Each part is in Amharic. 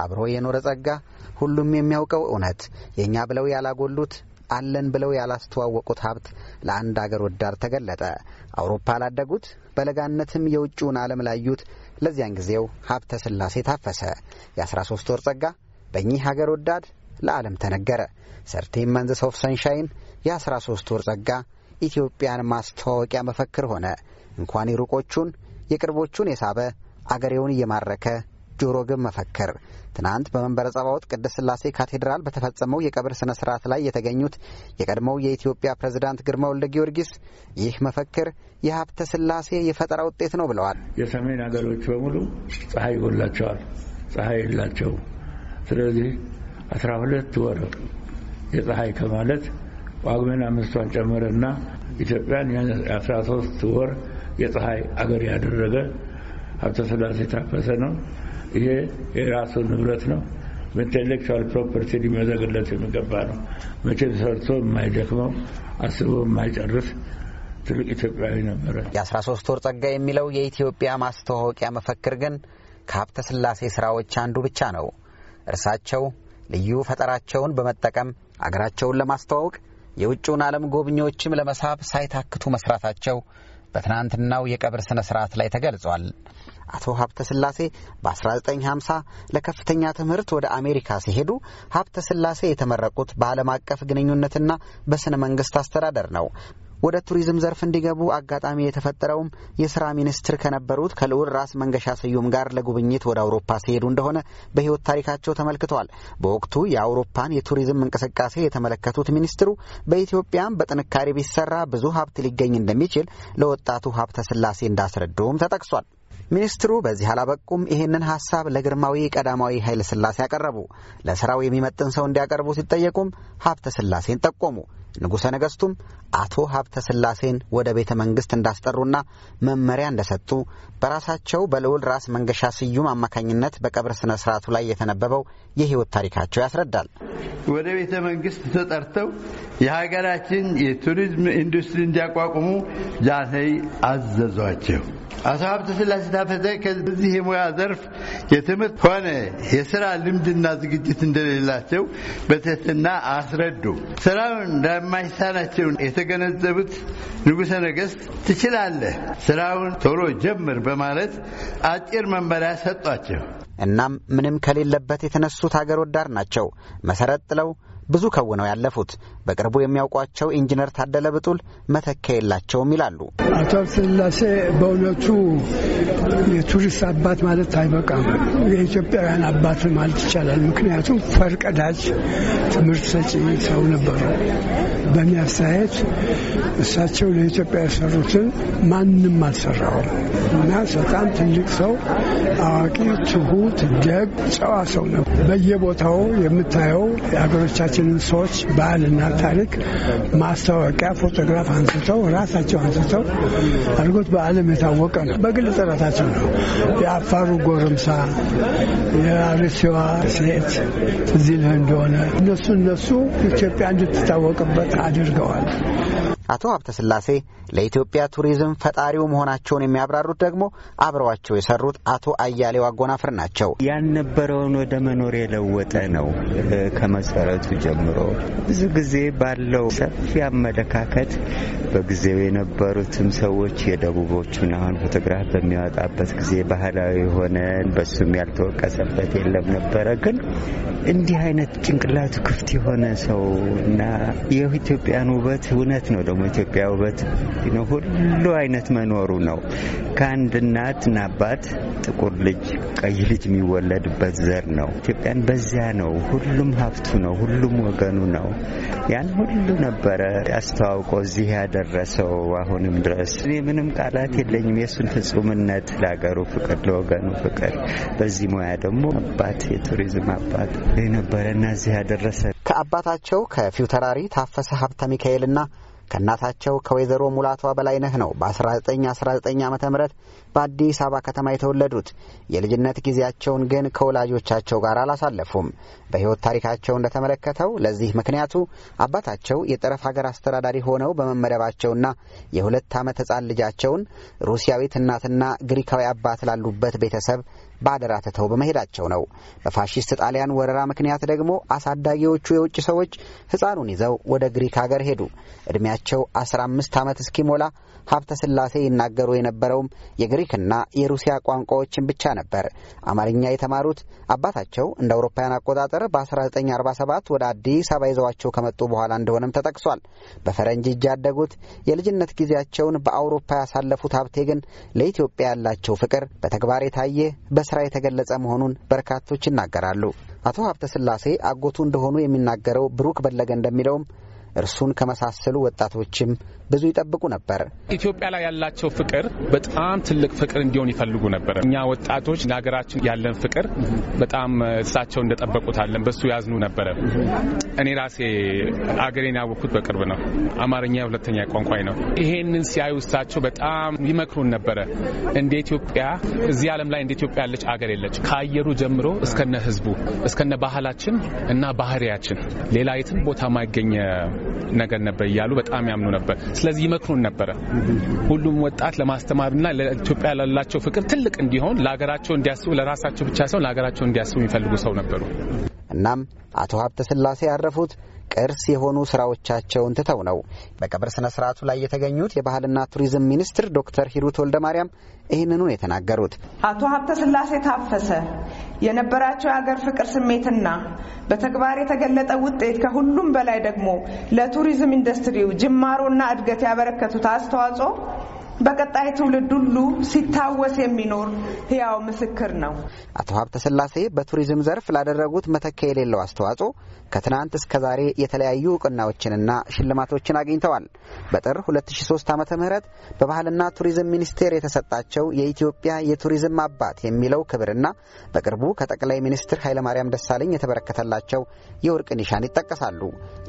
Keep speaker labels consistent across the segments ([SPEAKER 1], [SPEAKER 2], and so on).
[SPEAKER 1] አብሮ የኖረ ጸጋ ሁሉም የሚያውቀው እውነት የእኛ ብለው ያላጎሉት አለን ብለው ያላስተዋወቁት ሀብት ለአንድ አገር ወዳድ ተገለጠ። አውሮፓ ላደጉት በለጋነትም የውጭውን ዓለም ላዩት ለዚያን ጊዜው ሀብተ ስላሴ ታፈሰ። የ13 ወር ጸጋ በእኚህ አገር ወዳድ ለዓለም ተነገረ። ሰርቴን መንዝስ ኦፍ ሰንሻይን የ13 ወር ጸጋ ኢትዮጵያን ማስተዋወቂያ መፈክር ሆነ። እንኳን የሩቆቹን የቅርቦቹን የሳበ አገሬውን እየማረከ ጆሮ ግብ መፈክር ትናንት በመንበረ ጸባዖት ቅድስት ሥላሴ ካቴድራል በተፈጸመው የቀብር ሥነ ሥርዓት ላይ የተገኙት የቀድሞው የኢትዮጵያ ፕሬዝዳንት ግርማ ወልደ ጊዮርጊስ ይህ መፈክር የሀብተ ሥላሴ የፈጠራ ውጤት ነው ብለዋል።
[SPEAKER 2] የሰሜን አገሮች በሙሉ ፀሐይ ይጎላቸዋል፣ ፀሐይ የላቸው። ስለዚህ አስራ ሁለት ወር የፀሐይ ከማለት ጳጉሜን አምስቷን ጨምረና ኢትዮጵያን የአስራ ሶስት ወር የፀሐይ አገር ያደረገ ሀብተ ስላሴ ታፈሰ ነው። ይሄ የራሱ ንብረት ነው። በኢንቴሌክቹዋል ፕሮፐርቲ ሊመዘግለት የሚገባ ነው። መቼም ሰርቶ የማይደክመው አስቦ የማይጨርስ ትልቅ
[SPEAKER 1] ኢትዮጵያዊ ነበረ። የአስራ ሶስት ወር ጸጋ የሚለው የኢትዮጵያ ማስተዋወቂያ መፈክር ግን ከሀብተ ስላሴ ስራዎች አንዱ ብቻ ነው። እርሳቸው ልዩ ፈጠራቸውን በመጠቀም አገራቸውን ለማስተዋወቅ የውጭውን ዓለም ጎብኚዎችም ለመሳብ ሳይታክቱ መስራታቸው በትናንትናው የቀብር ሥነ ሥርዓት ላይ ተገልጿል። አቶ ሀብተ ስላሴ በ1950 ለከፍተኛ ትምህርት ወደ አሜሪካ ሲሄዱ ሀብተ ስላሴ የተመረቁት በዓለም አቀፍ ግንኙነትና በሥነ መንግሥት አስተዳደር ነው። ወደ ቱሪዝም ዘርፍ እንዲገቡ አጋጣሚ የተፈጠረውም የስራ ሚኒስትር ከነበሩት ከልዑል ራስ መንገሻ ስዩም ጋር ለጉብኝት ወደ አውሮፓ ሲሄዱ እንደሆነ በሕይወት ታሪካቸው ተመልክተዋል። በወቅቱ የአውሮፓን የቱሪዝም እንቅስቃሴ የተመለከቱት ሚኒስትሩ በኢትዮጵያም በጥንካሬ ቢሰራ ብዙ ሀብት ሊገኝ እንደሚችል ለወጣቱ ሀብተ ስላሴ እንዳስረዱም ተጠቅሷል። ሚኒስትሩ በዚህ አላበቁም። ይህንን ሀሳብ ለግርማዊ ቀዳማዊ ኃይለ ስላሴ ያቀረቡ፣ ለስራው የሚመጥን ሰው እንዲያቀርቡ ሲጠየቁም ሀብተ ስላሴን ጠቆሙ። ንጉሠ ነገሥቱም አቶ ሀብተ ሥላሴን ወደ ቤተ መንግሥት እንዳስጠሩና መመሪያ እንደሰጡ በራሳቸው በልዑል ራስ መንገሻ ስዩም አማካኝነት በቀብር ሥነ ሥርዓቱ ላይ የተነበበው የሕይወት ታሪካቸው ያስረዳል።
[SPEAKER 2] ወደ ቤተ መንግሥት ተጠርተው የሀገራችን የቱሪዝም ኢንዱስትሪ እንዲያቋቁሙ ጃንሆይ አዘዟቸው። አቶ ሀብተ ስላሴ ታፈተ ከዚህ የሙያ ዘርፍ የትምህርት ሆነ የስራ ልምድና ዝግጅት እንደሌላቸው በትህትና አስረዱ። ስራውን እንደማይሳናቸው የተገነዘቡት ንጉሠ ነገሥት ትችላለህ፣ ስራውን ቶሎ ጀምር በማለት አጭር መመሪያ ሰጧቸው።
[SPEAKER 1] እናም ምንም ከሌለበት የተነሱት አገር ወዳድ ናቸው መሰረት ጥለው ብዙ ከውነው ያለፉት። በቅርቡ የሚያውቋቸው ኢንጂነር ታደለ ብጡል መተኪያ የላቸውም ይላሉ።
[SPEAKER 2] አቶ ስላሴ በእውነቱ የቱሪስት አባት ማለት አይበቃም፣ የኢትዮጵያውያን አባት ማለት ይቻላል። ምክንያቱም ፈርቀዳጅ፣ ትምህርት ሰጪ ሰው ነበሩ። በእኔ አስተያየት እሳቸው ለኢትዮጵያ የሰሩትን ማንም አልሰራውም እና በጣም ትልቅ ሰው፣ አዋቂ፣ ትሁት፣ ደግ፣ ጨዋ ሰው ነው። በየቦታው የምታየው የሀገሮቻችን የሀገራችንን ሰዎች ባህልና ታሪክ ማስታወቂያ ፎቶግራፍ አንስተው ራሳቸው አንስተው አድርጎት በዓለም የታወቀ ነው። በግል ጥረታቸው ነው። የአፋሩ ጎረምሳ፣ የአርሲዋ ሴት እዚህ ልህ እንደሆነ እነሱ እነሱ ኢትዮጵያ እንድትታወቅበት አድርገዋል።
[SPEAKER 1] አቶ ሀብተስላሴ ለኢትዮጵያ ቱሪዝም ፈጣሪው መሆናቸውን የሚያብራሩት ደግሞ አብረዋቸው የሰሩት አቶ አያሌው አጎናፍር
[SPEAKER 2] ናቸው። ያልነበረውን ወደ መኖር የለወጠ ነው። ከመሰረቱ ጀምሮ ብዙ ጊዜ ባለው ሰፊ አመለካከት በጊዜው የነበሩትም ሰዎች የደቡቦቹን አሁን ፎቶግራፍ በሚያወጣበት ጊዜ ባህላዊ የሆነን በሱም ያልተወቀሰበት የለም ነበረ። ግን እንዲህ አይነት ጭንቅላቱ ክፍት የሆነ ሰው እና የኢትዮጵያን ውበት እውነት ነው ደግሞ ኢትዮጵያ ውበት ሁሉ አይነት መኖሩ ነው። ከአንድ እናትና አባት ጥቁር ልጅ፣ ቀይ ልጅ የሚወለድበት ዘር ነው። ኢትዮጵያን በዚያ ነው። ሁሉም ሀብቱ ነው፣ ሁሉም ወገኑ ነው። ያን ሁሉ ነበረ አስተዋውቆ እዚህ ያደረሰው አሁንም ድረስ እኔ ምንም ቃላት የለኝም የእሱን ፍጹምነት ለሀገሩ ፍቅር፣ ለወገኑ ፍቅር። በዚህ ሙያ ደግሞ አባት የቱሪዝም አባት ነበረ እና እዚህ ያደረሰ ከአባታቸው
[SPEAKER 1] ከፊውተራሪ ታፈሰ ሀብተ ሚካኤልና ከእናታቸው ከወይዘሮ ሙላቷ በላይነህ ነው በ1919 ዓ ም በአዲስ አበባ ከተማ የተወለዱት የልጅነት ጊዜያቸውን ግን ከወላጆቻቸው ጋር አላሳለፉም። በሕይወት ታሪካቸው እንደተመለከተው ለዚህ ምክንያቱ አባታቸው የጠረፍ ሀገር አስተዳዳሪ ሆነው በመመደባቸውና የሁለት ዓመት ሕፃን ልጃቸውን ሩሲያዊት እናትና ግሪካዊ አባት ላሉበት ቤተሰብ በአደራ ትተው በመሄዳቸው ነው። በፋሺስት ጣሊያን ወረራ ምክንያት ደግሞ አሳዳጊዎቹ የውጭ ሰዎች ሕፃኑን ይዘው ወደ ግሪክ ሀገር ሄዱ። ዕድሜያቸው አስራ አምስት ዓመት እስኪሞላ ሀብተ ስላሴ ይናገሩ የነበረውም የግሪክ ግሪክና የሩሲያ ቋንቋዎችን ብቻ ነበር አማርኛ የተማሩት። አባታቸው እንደ አውሮፓውያን አቆጣጠር በ1947 ወደ አዲስ አበባ ይዘዋቸው ከመጡ በኋላ እንደሆነም ተጠቅሷል። በፈረንጅ እጅ ያደጉት የልጅነት ጊዜያቸውን በአውሮፓ ያሳለፉት ሀብቴ ግን ለኢትዮጵያ ያላቸው ፍቅር በተግባር የታየ በስራ የተገለጸ መሆኑን በርካቶች ይናገራሉ። አቶ ሀብተ ስላሴ አጎቱ እንደሆኑ የሚናገረው ብሩክ በለገ እንደሚለውም እርሱን ከመሳሰሉ ወጣቶችም ብዙ ይጠብቁ ነበር።
[SPEAKER 2] ኢትዮጵያ ላይ ያላቸው ፍቅር በጣም ትልቅ ፍቅር እንዲሆን ይፈልጉ ነበር። እኛ ወጣቶች ለሀገራችን ያለን ፍቅር በጣም እሳቸው እንደጠበቁታለን በሱ ያዝኑ ነበረ። እኔ ራሴ አገሬን ያወቅኩት በቅርብ ነው። አማርኛ ሁለተኛ ቋንቋ ነው። ይሄንን ሲያዩ እሳቸው በጣም ይመክሩን ነበረ። እንደ ኢትዮጵያ እዚህ ዓለም ላይ እንደ ኢትዮጵያ ያለች አገር የለች። ከአየሩ ጀምሮ እስከነ ህዝቡ እስከነ ባህላችን እና ባህሪያችን ሌላ የትም ቦታ ማይገኘ ነገር ነበር እያሉ በጣም ያምኑ ነበር። ስለዚህ ይመክሩን ነበረ። ሁሉም ወጣት ለማስተማርና ለኢትዮጵያ ላላቸው ፍቅር ትልቅ እንዲሆን ለሀገራቸው እንዲያስቡ ለራሳቸው ብቻ ሳይሆን ለሀገራቸው እንዲያስቡ የሚፈልጉ ሰው ነበሩ።
[SPEAKER 1] እናም አቶ ሀብተ ስላሴ ያረፉት ቅርስ የሆኑ ስራዎቻቸውን ትተው ነው። በቀብር ስነ ስርዓቱ ላይ የተገኙት የባህልና ቱሪዝም ሚኒስትር ዶክተር ሂሩት ወልደ ማርያም ይህንኑ የተናገሩት
[SPEAKER 2] አቶ ሀብተ ስላሴ ታፈሰ የነበራቸው የሀገር ፍቅር ስሜትና በተግባር የተገለጠ ውጤት ከሁሉም በላይ ደግሞ ለቱሪዝም ኢንዱስትሪው ጅማሮና እድገት ያበረከቱት አስተዋጽኦ በቀጣይ ትውልድ ሁሉ ሲታወስ የሚኖር ህያው ምስክር ነው።
[SPEAKER 1] አቶ ሀብተ ስላሴ በቱሪዝም ዘርፍ ላደረጉት መተኪያ የሌለው አስተዋጽኦ ከትናንት እስከ ዛሬ የተለያዩ እውቅናዎችንና ሽልማቶችን አግኝተዋል። በጥር 2003 ዓ ም በባህልና ቱሪዝም ሚኒስቴር የተሰጣቸው የኢትዮጵያ የቱሪዝም አባት የሚለው ክብርና በቅርቡ ከጠቅላይ ሚኒስትር ኃይለማርያም ደሳለኝ የተበረከተላቸው የወርቅ ኒሻን ይጠቀሳሉ።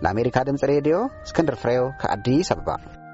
[SPEAKER 1] ለአሜሪካ ድምፅ ሬዲዮ እስክንድር ፍሬው ከአዲስ አበባ